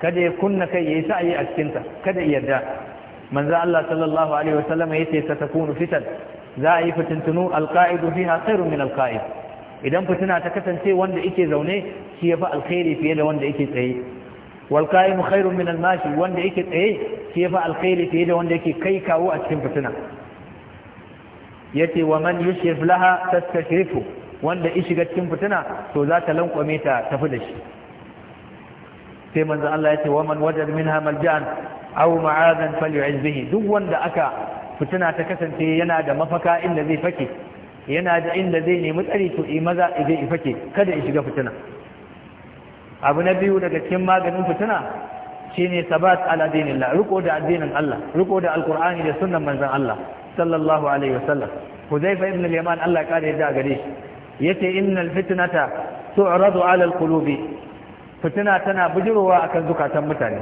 kada ya kunna kai ya yi sa'ayi a cikinta kada ya yarda manzo Allah sallallahu alaihi wa sallam yace ta takunu fitan za a yi fitintunu alqa'idu fiha khairun min alqa'id idan fitina ta kasance wanda yake zaune shi yafi alkhairi fiye da wanda yake tsaye wal qa'imu khairun min al mashi wanda yake tsaye ke fa alkhairi fiye da wanda yake kai kawo a cikin fitina yace wa man yushrif laha tastashrifu wanda in shiga cikin fitina to za ta lankwame ta tafi da shi sai manzo Allah yace wa man wajada minha maljan aw ma'adan falyu'iz duk wanda aka fitina ta kasance yana da mafaka inda zai fake yana da inda zai nemi tsari to i maza i fake kada in shiga fitina abu na biyu daga cikin maganin fitina shine sabat ala dinillah riko da addinin Allah riko da alqur'ani da sunnan manzon Allah sallallahu alaihi wasallam huzaifa ibn al-yaman Allah kare yadda gare shi yace innal fitnata tu'radu ala al-qulubi fitina tana bujirowa akan zukatan mutane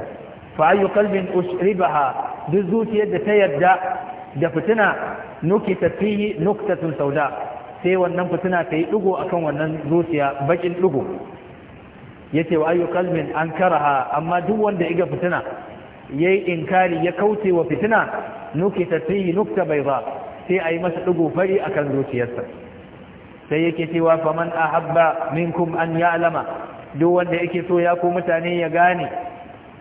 fa ayu qalbin ushribaha duk zuciyar da ta yadda da fitina nukita fihi nuktatun sauda sai wannan fitina ta yi dugo akan wannan zuciya bakin dugo yace wa kalmin an karaha amma duk wanda iga fitina yayi inkari ya kauce wa fitina nukita fihi nukta ba sai ayi masa dugo fari akan zuciyarsa sai yake cewa faman min minkum an ya'lama duk wanda yake so ya ku mutane ya gane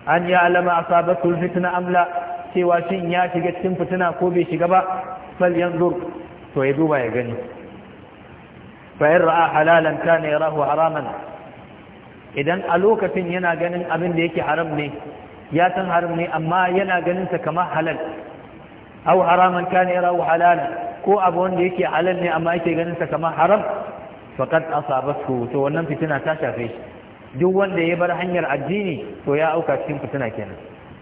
an ya'lama asabatul fitna amla cewa shin ya shiga cikin fitina ko bai shiga ba fal yanzur to ya duba ya gani fa in ra'a halalan kana yarahu haraman idan a lokacin yana ganin abin da yake haram ne ya san haram ne amma yana ganin sa kamar halal au haraman kana yarahu halalan ko abu wanda yake halal ne amma yake ganin sa kamar haram faqad asabatu to wannan fitina ta shafe shi duk wanda ya bar hanyar addini to ya auka cikin fitina kenan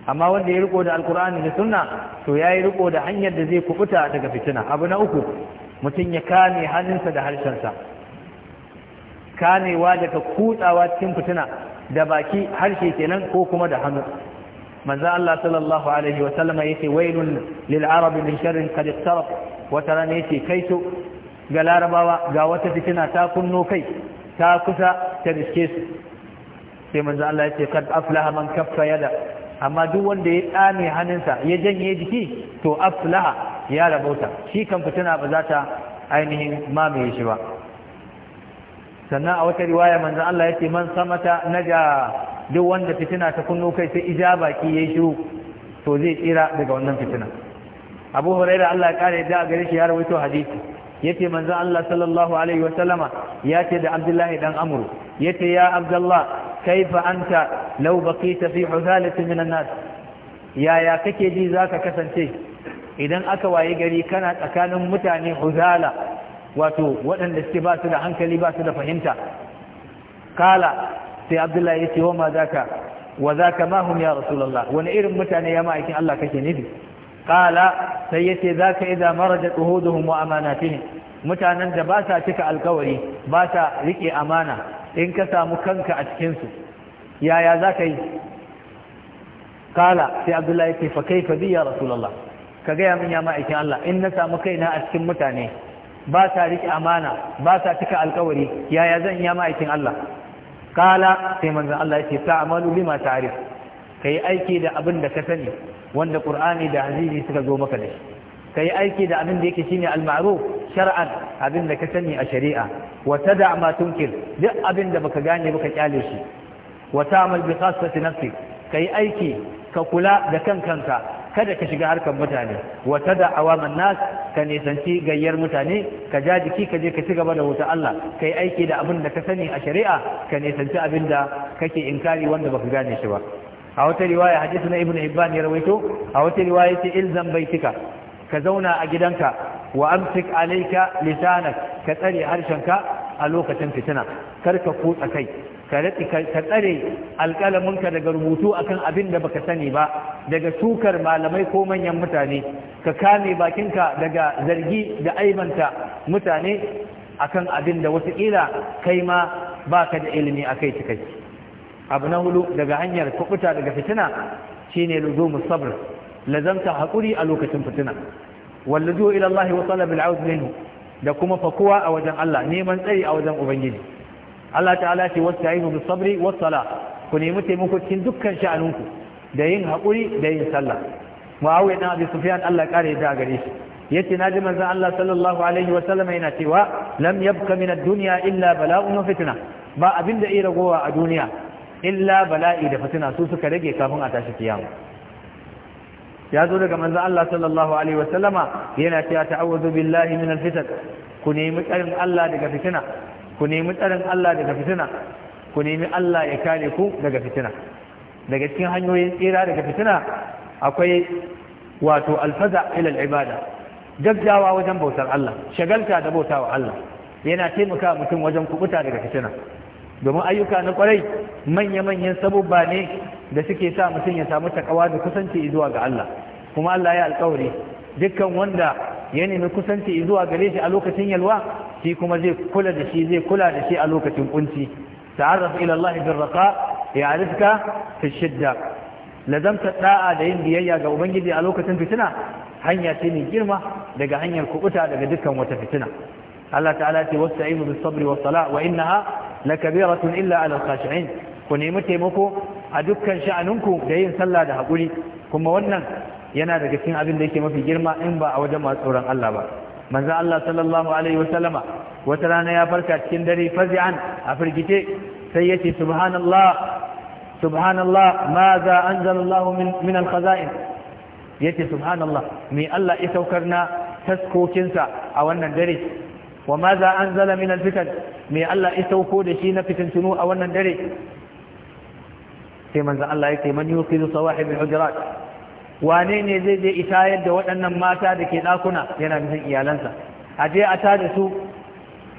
amma wanda ya riko da alkur'ani da sunna to ya yi riko da hanyar da zai kubuta daga fitina abu na uku mutum ya kame hannunsa da harshensa kamewa daga kutsawa cikin fitina da baki harshe kenan ko kuma da hannu manzo Allah sallallahu alaihi wa sallama yace wailun lil arab min sharrin qad iqtarab wa tarani yace kaito ga larabawa ga wata fitina ta kunno kai ta kusa ta riske su sai manzo Allah yace kad aflaha man kaffa yada amma duk wanda ya tsame hannunsa ya janye jiki to aflaha ya rabauta shi kan fitina ba za ta ainihin mamaye shi ba sannan a wata riwaya manzo Allah yake man samata naja duk wanda fitina ta kunno kai sai ijaba ki yayi shiru to zai tsira daga wannan fitina Abu Hurairah Allah ya kare da gare shi ya rawaito hadisi yace manzo Allah sallallahu alaihi wa sallama yace da Abdullah dan Amr yace ya Abdullah kaifa anta law baqita fi hudalati min an-nas yaya kake ji zaka kasance idan aka waye gari kana tsakanin mutane huzala wato waɗanda suke ba su da hankali ba su da fahimta kala sai abdullahi ya ce wa ma ka wa zaka ma hum ya rasulallah. wani irin mutane ya ma'aikin Allah kake nufi kala sai ya ce zaka idan da quhuduhum wa fihin? mutanen da ba sa cika alkawari ba sa rike amana in ka samu kanka a cikinsu. Yaya za ka yi kala sai abdullahi ya ce fa kaifa bi ya rasulallah. ka gaya min ya ma'aikin Allah in na samu kaina a cikin mutane ba sa riƙe amana ba sa cika alkawari yaya zan iya ma'aikin Allah kala sai manzon Allah yake ta'amalu bima ta'rif kai aiki da abin da ka sani wanda Qur'ani da hadisi suka zo maka da shi kai aiki da abin da yake shine al-ma'ruf shar'an abin da ka sani a shari'a wa tad'a ma tunkir duk abin da baka gane baka kyale shi wa ta'mal bi khassati nafsik kai aiki ka kula da kan kanka kada ka shiga harkar mutane wa tad'a awaman nas ka nisanci gayyar mutane ka ja jiki ka je ka ci gaba da wuta Allah kai aiki da abin da ka sani a shari'a ka nisanci abin da kake inkari wanda baka gane shi ba a wata riwaya hadisi na ibnu hibban ya rawaito a wata riwaya ce ilzam baitika ka zauna a gidanka wa amsik alayka lisanak ka tsare harshenka a lokacin fitina kar ka kutsa kai ka tsare ka daga rubutu akan abin da baka sani ba daga sukar malamai ko manyan mutane ka kame bakinka daga zargi da aibanta mutane akan abin da ƙila kai ma baka da ilimi akai cikai abu na hulu daga hanyar kubuta daga fitina shine luzumu sabr lazamta hakuri a lokacin fitina wallazu ila Allah wa talabil al minhu da kuma fakuwa a wajen Allah neman tsayi a wajen ubangiji Allah ta'ala ce wasu wasta'inu bis sabri wasala ku nemi taimako cikin dukkan sha'anunku da yin haƙuri da yin sallah Muawiya dan Abi Sufyan Allah kare da gare shi yace naji manzon Allah sallallahu alaihi wa sallam yana cewa lam yabqa min ad-dunya illa bala'un wa fitna ba abin da iya ragowa a duniya illa bala'i da fitina su suka rage kafin a tashi kiyama ya zo daga manzon Allah sallallahu alaihi wa sallama yana cewa ta'awuzu billahi min al-fitan ku nemi karin Allah daga fitina ku nemi tsarin Allah daga fitina ku nemi Allah ya kare ku daga fitina daga cikin hanyoyin tsira daga fitina akwai wato alfaza ila ibada gaggawa wajen bautar Allah shagalta da bauta wa Allah yana taimaka mutum wajen kubuta daga fitina domin ayyuka na kwarai manya-manyan sabubba ne da suke sa mutum ya samu takawa da kusanci zuwa ga Allah kuma Allah ya alkawari dukkan wanda ya nemi kusanci zuwa gare shi a lokacin yalwa shi kuma zai kula da shi zai kula da shi a lokacin kunci ta'arraf ila Allah bil raqa ya'rifka fi shidda lazamta da'a da yin biyayya ga ubangiji a lokacin fitina hanya ce mai girma daga hanyar kubuta daga dukkan wata fitina Allah ta'ala ce wasta'inu bis sabri was sala wa innaha lakabiratun illa ala al-khashi'in ku nemi taimako a dukkan sha'aninku da yin sallah da haƙuri kuma wannan yana daga cikin abin da yake mafi girma in ba a wajen masu tsoron Allah ba manzo Allah sallallahu alaihi wasallama wata rana ya farka cikin dare fazi'an a firgice sai yace subhanallah subhanallah maza anzalallahu min min al-khaza'in yace subhanallah me Allah ya saukar na taskokinsa a wannan dare wa maza anzala min al-fitan me Allah ya sauko da shi na fitintunu a wannan dare sai manzo Allah yake man yuqidu sawahib al-hujurat wane ne zai je itayar da waɗannan mata da ke ɗakuna yana nufin iyalansa a je a tada su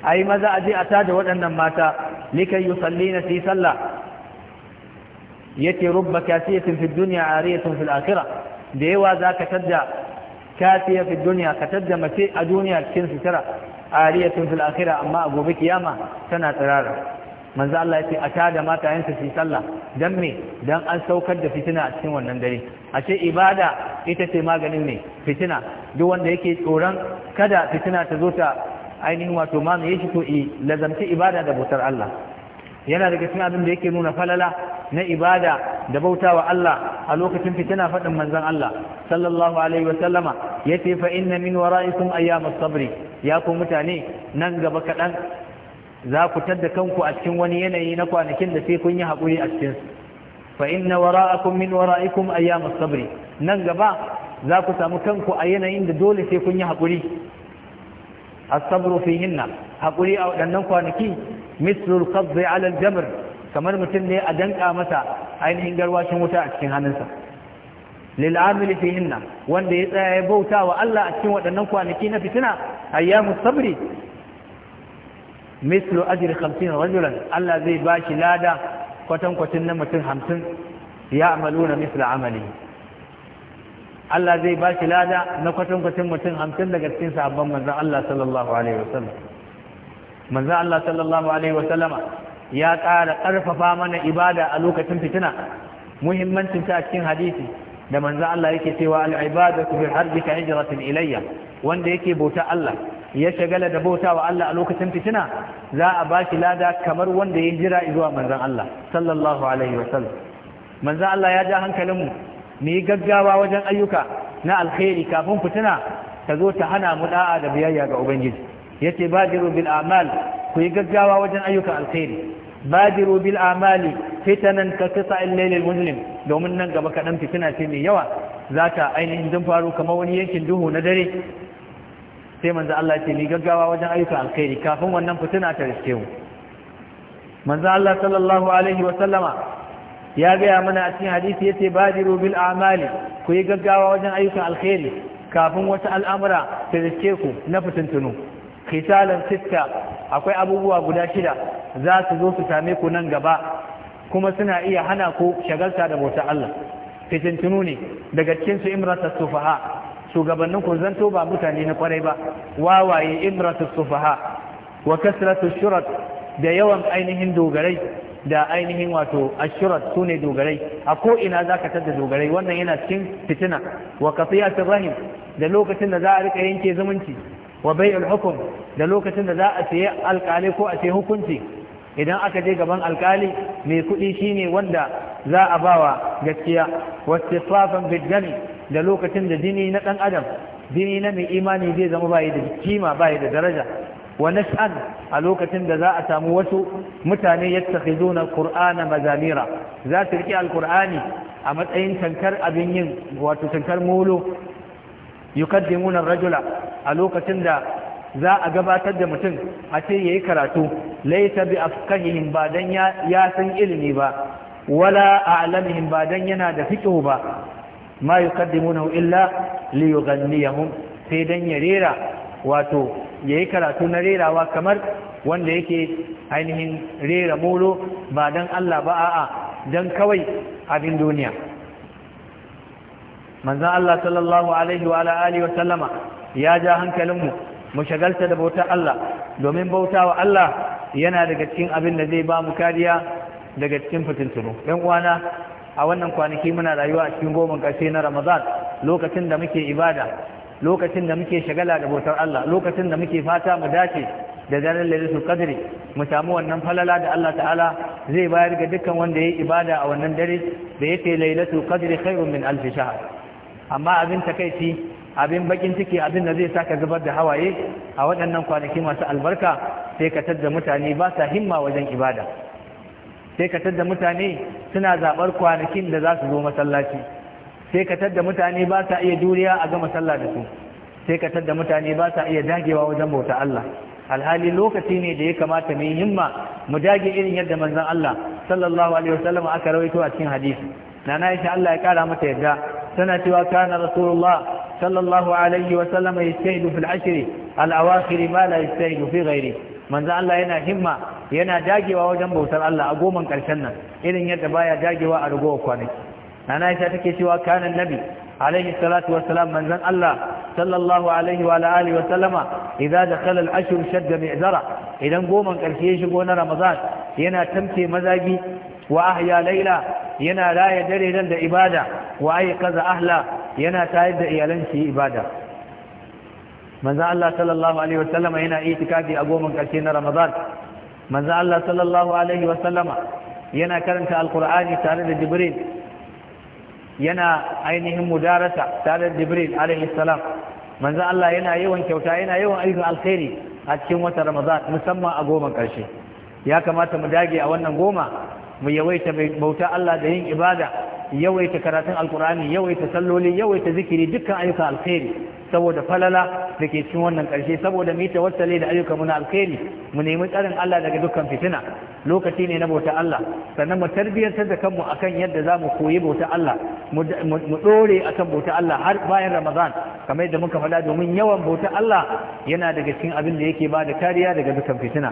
a yi maza a je a tada waɗannan mata likai yi salli na fi sallah yake rubba kasiyatin fi duniya a ariyatun fil akira da yawa za ka tadda kasiya fi duniya ka tadda mace a duniya cikin sutura a ariyatun fil akira amma a gobe kiyama tana tsirara manzo Allah ya ce a tada matayensa su sallah dan me dan an saukar da fitina a cikin wannan dare a ce ibada ita ce maganin ne fitina duk wanda yake tsoron kada fitina ta zo ta ainihin wato ma me yake to i lazamci ibada da bautar Allah yana daga cikin abin da yake nuna falala na ibada da bautawa Allah a lokacin fitina faɗin manzon Allah sallallahu alaihi wa sallama yace fa inna min wara'ikum ayyamus sabri ya ku mutane nan gaba kaɗan za ku tadda kanku a cikin wani yanayi na kwanakin da sai kun yi haƙuri a cikinsu? fa inna wara'akum min wara'ikum ayyamus sabri nan gaba za ku samu kanku a yanayin da dole sai kun yi haƙuri as-sabru fihinna haƙuri a waɗannan kwanaki mislul qabdi 'ala al-jamr kamar mutum ne a danka masa ainihin garwashin wuta a cikin hannunsa lil amili fihinna wanda ya tsaya ya bauta wa Allah a cikin waɗannan kwanaki na fitina ayyamu sabri mislu ajri 50 rajulan Allah zai bashi lada kwatan na mutum 50 ya amaluna misla amali Allah zai bashi lada na kwatan mutum 50 daga cikin sahabban manzon Allah sallallahu ya ƙara ƙarfafa mana ibada a lokacin fitina muhimmancin ta cikin hadisi da manzon Allah yake cewa al-ibadatu bi harbika hijratin ilayya wanda yake bauta Allah ya shagala da bauta wa Allah a lokacin fitina za a ba shi lada kamar wanda ya jira zuwa manzan Allah sallallahu alaihi sallam. manzan Allah ya ja hankalinmu mu yi gaggawa wajen ayyuka na alkhairi kafin fitina ta zo ta hana mu da'a da biyayya ga ubangiji yace badiru bil a'mal ku yi gaggawa wajen ayyuka alkhairi badiru bil a'mali fitanan ka qita'il laylil muzlim domin nan gaba kaɗan fitina ce mai yawa za ta ainihin dun faru kamar wani yankin duhu na dare sai manzo Allah ce ni gaggawa wajen ayyukan alkhairi kafin wannan fitina ta riske mu manzo Allah sallallahu alaihi wa sallama ya gaya mana a cikin hadisi yace badiru bil a'mali ku yi gaggawa wajen ayyukan alkhairi kafin wata al'amura ta riske ku na fitintunu khitalan sitta akwai abubuwa guda shida za su zo su same ku nan gaba kuma suna iya hana ku shagalta da bautar Allah fitintunu ne daga cikin su imratu sufaha shugabannin ku zanto ba mutane na kwarai ba wawaye imratu sufaha wa kasratu shurat da yawan ainihin dogarai da ainihin wato ashurat sune dogarai a ko ina za ka tada dogarai wannan yana cikin fitina wa qatiyatir rahim da lokacin da za a rika yanke zumunci wa bai'ul hukum da lokacin da za a sayi alkali ko a sayi hukunci idan aka je gaban alkali mai kuɗi shine wanda za a bawa gaskiya wastifafan bidgani da lokacin da jini na ɗan adam jini na mai imani zai zama bayi da kima bayi da daraja wa nash'an a lokacin da za a samu wasu mutane yattakhizuna qur'ana mazamira za su rike alqur'ani a matsayin tankar abin yin wato tankar molo yukaddimuna rajula a lokacin da za a gabatar da mutum a ce yayi karatu laysa bi afkahihim ba dan ya san ilimi ba wala a'lamihim ba dan yana da fiqh ba ma yuqaddimunahu illa li yughanniyahum sai dan ya rera wato yayi karatu na rerawa kamar wanda yake ainihin rera molo ba dan Allah ba a'a dan kawai abin duniya manzon Allah sallallahu alaihi wa alihi wa sallama ya ja hankalinmu mu shagalta da bautar Allah domin bautawa Allah yana daga cikin abin da zai ba mu kariya daga cikin fitintunu ɗan uwana a wannan kwanaki muna rayuwa a cikin goman ƙarshe na ramadan lokacin da muke ibada lokacin da muke shagala da bautar Allah lokacin da muke fata mu dace da daren lailatul Kadiri mu samu wannan falala da Allah ta'ala zai bayar ga dukkan wanda ya yi ibada a wannan dare da yake lailatul Kadiri khairun min alfi amma abin takaici abin bakin ciki abin da zai saka zubar da hawaye a waɗannan kwanaki masu albarka sai ka tadda mutane ba sa himma wajen ibada sai ka tadda mutane suna zaɓar kwanakin da za su zo masallaci sai ka tadda mutane ba sa iya juriya a gama sallah da su sai ka tadda mutane ba sa iya dagewa wajen bauta Allah alhali lokaci ne da ya kamata mu himma mu dage irin yadda manzon Allah sallallahu alaihi wasallam aka rawaito a cikin hadisi nana Aisha Allah ya kara mata yadda tana cewa kana rasulullah sallallahu alaihi wasallam yastahidu fil ashri al awakhir ma la yastahidu fi ghairi manzo Allah yana himma yana dagewa wajen bautar Allah a goman karshen nan irin yadda baya dagewa a ragowar kwanaki nana Aisha take cewa kana nabi alaihi salatu wassalam manzon Allah sallallahu alaihi wa alihi wa sallama idza dakhala al-ashr shadda mi'zara idan goman karshe ya shigo na Ramadan yana tamke mazagi wa ahya layla! yana raya dare dan da ibada wa ayqaza ahla yana tayar da iyalan shi ibada manzo Allah sallallahu alaihi wasallam yana itikafi a goma karshe na Ramadan manzo Allah sallallahu alaihi wasallama yana karanta alqur'ani tare da Jibril yana ainihin mudarasa tare da Jibril alaihi salam manzo Allah yana yawan kyauta yana yawan ayyukan alkhairi a cikin wata Ramadan musamman a goma karshe ya kamata mu dage a wannan goma mu yawaita bauta Allah da yin ibada yawaita karatun Alƙur'ani, yawaita salloli yawaita zikiri dukkan ayyukan alkhairi saboda falala da ke cikin wannan ƙarshe saboda mu yi tawassali da ayyuka na alkhairi mu nemi tsarin Allah daga dukkan fitina lokaci ne na bauta Allah sannan mu tarbiyyantar da kanmu akan yadda za mu koyi bauta Allah mu ɗore akan bauta Allah har bayan Ramadan kamar yadda muka faɗa domin yawan bauta Allah yana daga cikin abin da yake ba da kariya daga dukkan fitina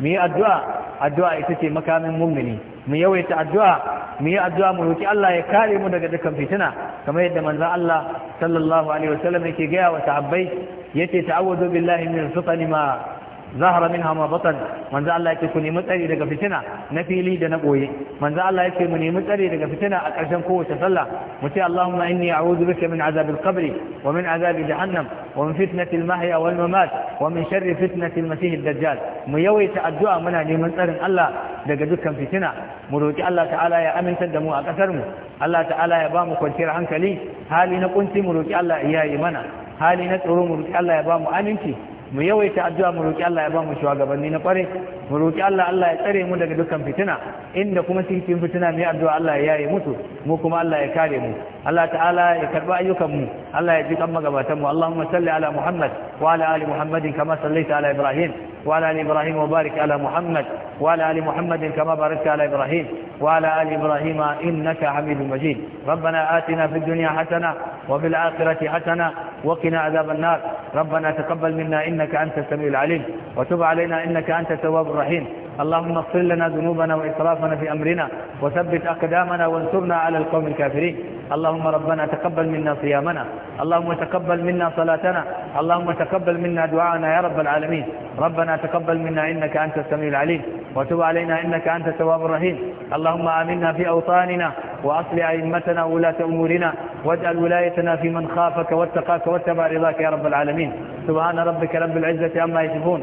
mu yi addu'a addu'a ita ce makamin mummuni mu yawaita addu'a mu yi addu'a mu roƙi Allah ya kare mu daga dukkan fitina kamar yadda manzon Allah sallallahu alaihi wasallam yake gaya wa sahabbai yace ta'awudu billahi min sufani ma zahara minha ma batan manzo Allah yake ku nemi tsari daga fitina na fili da na boye manzo Allah yake mu nemi tsari daga fitina a ƙarshen kowace sallah mu ce Allahumma inni a'udhu bika min azab al-qabr wa min azab jahannam wa min fitnati al-mahya wal mamat wa min sharri fitnati al-masih ad-dajjal mu yawaita addu'a muna neman tsarin Allah daga dukkan fitina mu roki Allah ta'ala ya aminta da mu a ƙasar mu Allah ta'ala ya ba mu kwanciyar hankali hali na kunci mu roki Allah ya yi mana hali na tsoro mu roki Allah ya ba mu aminci mu yawaita addu'a mu roki Allah ya ba mu shugabanni na kware mu roki Allah Allah ya tsare mu daga dukkan fitina inda kuma cikin fitina mai addu'a Allah ya yi mutu mu kuma Allah ya kare mu Allah ta'ala ya karba ayyukan mu Allah ya ji kan magabatan mu Allahumma salli ala Muhammad wa ala ali Muhammad kama sallaita ala Ibrahim wa ala ali Ibrahim wa barik ala Muhammad wa ala ali Muhammad kama barakta ala Ibrahim wa ala ali Ibrahim innaka Hamidum Majid ربنا آتنا في الدنيا حسنة وفي الآخرة حسنة وقنا عذاب النار ربنا تقبل منا إنك أنت السميع العليم وتب علينا إنك أنت التواب الرحيم اللهم اغفر لنا ذنوبنا وإسرافنا في أمرنا وثبت أقدامنا وانصرنا على القوم الكافرين اللهم ربنا تقبل منا صيامنا اللهم تقبل منا صلاتنا اللهم تقبل منا دعاءنا يا رب العالمين ربنا تقبل منا إنك أنت السميع العليم وتب علينا إنك أنت التواب الرحيم اللهم آمنا في أوطاننا وأصلح أئمتنا وولاة أمورنا واجعل ولايتنا في من خافك واتقاك واتبع رضاك يا رب العالمين سبحان ربك رب العزة عما يصفون